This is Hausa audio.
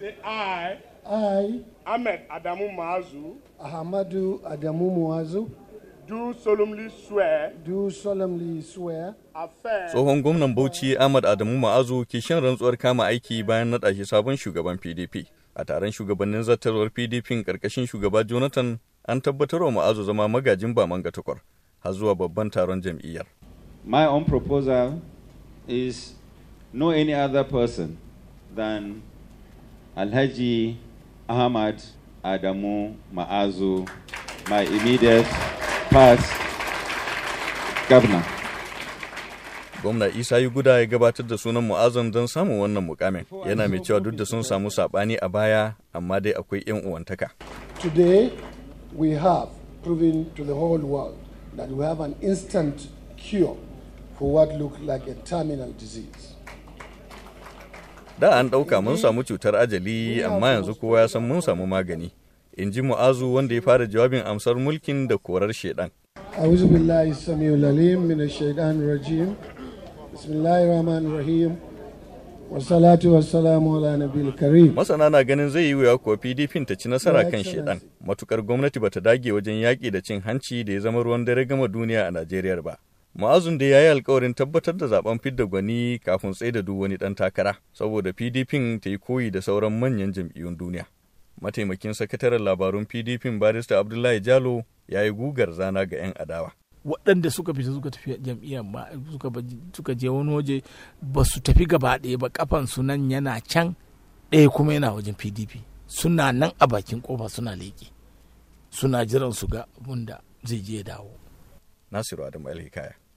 Say I. I. Ahmed Adamu Mazu. Ahmadu Adamu Mazu. Do solemnly swear. Do solemnly swear. Tsohon gwamnan Bauchi Ahmad Adamu Ma'azu ke shan rantsuwar kama aiki bayan naɗa shi sabon shugaban PDP. A taron shugabannin zattarwar PDP ƙarƙashin shugaba Jonathan an tabbatar wa Ma'azu zama magajin baman ga takwar har zuwa babban taron jam'iyyar. My own proposal is no any other person than Alhaji Ahmad Adamu Ma'azu, my immediate past governor. gwamna isa yi guda ya gabatar da sunan mu'azin don samun wannan mukamin yana mai cewa duk da sun samu sabani a baya amma dai akwai yan uwantaka today we have proven to the whole world that we have an instant cure for what look like a terminal disease Da an ɗauka mun samu cutar ajali amma yanzu kowa ya san mun samu magani. In ji Mu'azu wanda ya fara jawabin amsar mulkin da korar shaidan. A'udhu billahi masana na ganin zai yi wuya kuwa pdp ta ci nasara kan shedan matukar gwamnati bata dage wajen yaƙi da cin hanci da ya zama ruwan dare gama duniya a najeriya ba Ma'azun da ya yi alkawarin tabbatar da zaben fidda gwani kafin da duk wani ɗan takara, saboda PDP ta yi koyi da sauran manyan jam'iyyun duniya. Mataimakin sakataren labarun PDP barista Abdullahi Jalo ya yi gugar zana ga 'yan adawa. waɗanda suka fita suka tafi jam'iyya ba suka je wani waje ba su tafi gaba ɗaya ba kafan su yana can ɗaya kuma yana wajen pdp suna nan a bakin kofa suna leƙe suna jiran su ga abin zai je dawo nasiru adamu alhikaya